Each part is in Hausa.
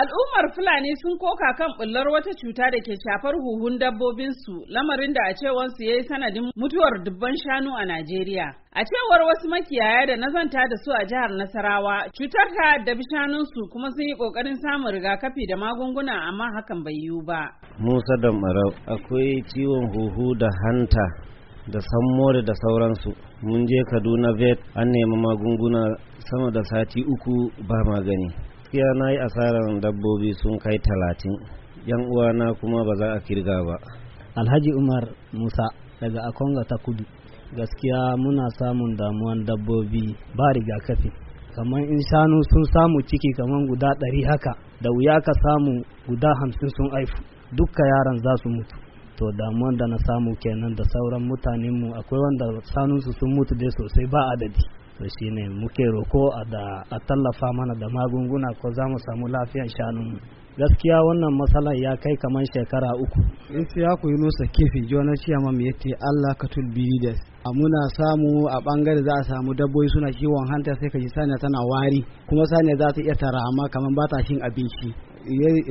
Al'ummar Fulani sun koka kan bullar wata cuta da ke shafar huhun dabbobinsu lamarin da a cewansu ya yi sanadin mutuwar dubban shanu a Najeriya. A cewar wasu makiyaya da nazanta da su a jihar Nasarawa, cutar ta addabi shanunsu kuma sun yi kokarin samun rigakafi da magunguna amma hakan bai yiwu ba. Musa da Marau akwai ciwon huhu da hanta da sammore da sauransu. Mun je Kaduna Vet an nemi magunguna sama da sati uku ba magani. gaskiya na yi asarar dabbobi sun kai talatin yan uwana kuma ba za a kirga ba alhaji umar musa daga akonga ta kudu gaskiya muna samun damuwan dabbobi ba rigakafi kamar in shanu sun samu ciki kamar guda ɗari haka da wuya ka samu guda hamsin sun aifu dukka yaran za su mutu to damuwan da na samu kenan da sauran mutanenmu akwai wanda sanunsu sun mutu dai sosai ba adadi to ne muke roko da a tallafa mana da magunguna ko za mu samu lafiyan shanunmu gaskiya wannan matsalar ya kai kamar shekara uku in isi ya kuyi nusa kifi jona ya mamaye yace allah katul bidas a muna samu a bangare za a samu dabbobi suna kiwon hanta sai ka ji sani tana wari kuma sani za ta iya amma kamar ba ta shin abinci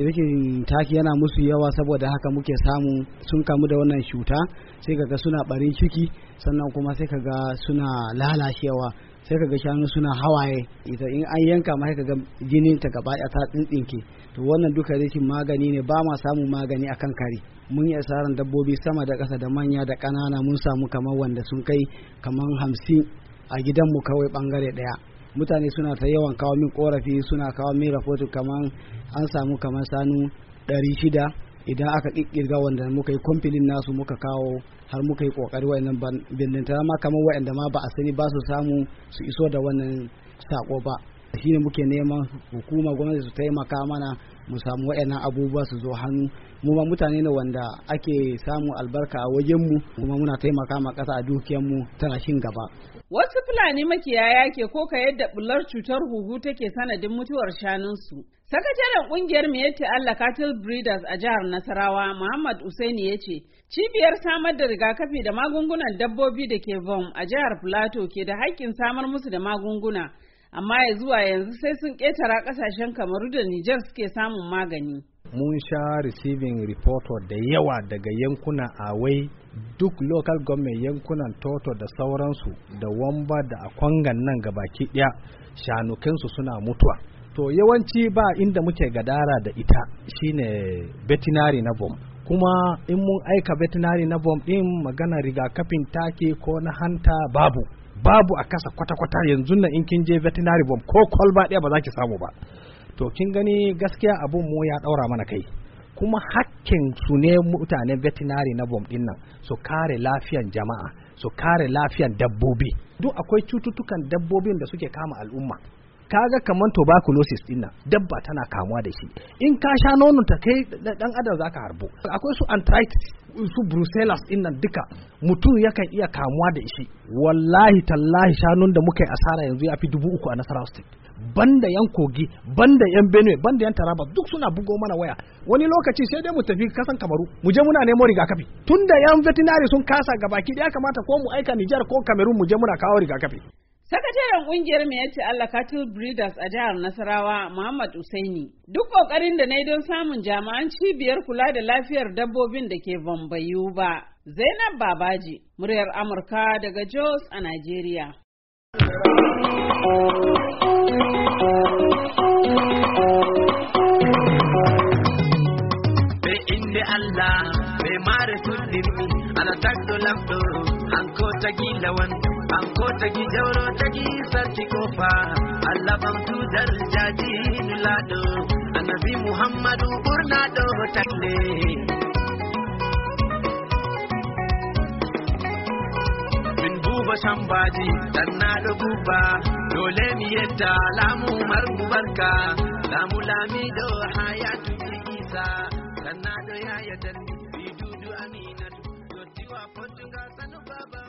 rikin taki yana musu yawa saboda haka muke samu sun kamu da wannan cuta sai kaga suna barin ciki sannan kuma sai kaga suna lalacewa sai ka ga shanu suna hawaye ita in an yanka ma ka ga jinin ta gaba ta tsintsinke to wannan duka rashin magani ne ba ma samun magani akan kare mun yi asaran dabbobi sama da ƙasa da manya da ƙanana mun samu kamar wanda sun kai kamar hamsin a gidanmu kawai bangare ɗaya mutane suna ta yawan kawo min korafi suna kawo min rahoto kamar an samu kamar sanu ɗari shida idan aka kirga wanda muka yi kwamfilin nasu muka kawo har muka yi kokari wayannan ta ma kamar wayanda ma ba a sani ba su samu su iso da wannan sako ba ne muke neman hukuma gwamnati su taimaka mana mu samu wayannan abubuwa su zo hannu mu ma mutane ne wanda ake samu albarka a wajen mu kuma muna taimaka ma kasa a dukiyar mu tana shin gaba Wasu Fulani makiyaya ke koka yadda bular cutar huhu take sanadin mutuwar shanunsu. Sakataren kungiyar Miyetti Allah Cattle Breeders a jihar Nasarawa, Muhammad Usaini ya ce, Cibiyar samar da rigakafi da magungunan dabbobi da ke Vom a jihar Plateau ke da haƙƙin samar musu da magunguna, amma ya zuwa yanzu sai sun ƙetara ƙasashen kamaru da Nijar suke samun magani. mun sha receiving reporter da yawa daga yankuna awai duk local government yankunan toto da sauransu da wamba da akwangan nan gabaki ɗaya shanukansu suna mutuwa to yawanci ba inda muke gadara da ita shine veterinary na bom kuma in mun aika veterinary na bom din, magana rigakafin take ko na hanta babu babu a kasa kwata-kwata yanzu nan in kin je veterinary bom ko kwalba ɗaya ba za ki samu ba to kin gani gaskiya abun mu ya daura mana kai kuma hakkin su ne mutanen veterinary na bom din nan su kare lafiyan jama'a su kare lafiyan dabbobi duk akwai cututtukan dabbobin da suke kama al'umma kaga kamar tuberculosis din nan dabba tana kamuwa da shi in ka sha nonon ta kai dan adam zaka harbo akwai su anthrax su brucellosis din nan duka mutum yakan iya kamuwa da shi wallahi tallahi shanun da muka yi asara yanzu ya fi dubu uku a nasarar state banda yan kogi banda yan benue banda yan taraba duk suna bugo mana waya wani lokaci sai dai mu tafi kasan kamaru mu je muna nemo rigakafi tunda yan veterinary sun kasa gabaki da ya kamata ko mu aika nijar ko Cameroon mu je muna kawo rigakafi Sakataren kungiyar mai yace Allah Cattle Breeders a jihar Nasarawa Muhammad Usaini. Duk kokarin da na yi don samun jami'an cibiyar kula da lafiyar dabbobin da ke bambayu ba. Zainab Babaji, muryar Amurka daga Jos a Najeriya. Be inde Allah be mare kundini ala tagdo labdo anko tagi lawan anko annabi Muhammadu burna do gobe shan baji dan na da guba dole mi yadda lamu marmu barka lamu lami da hayatu isa dan na da yaya dalmi amina aminatu yotiwa portugal sanu baba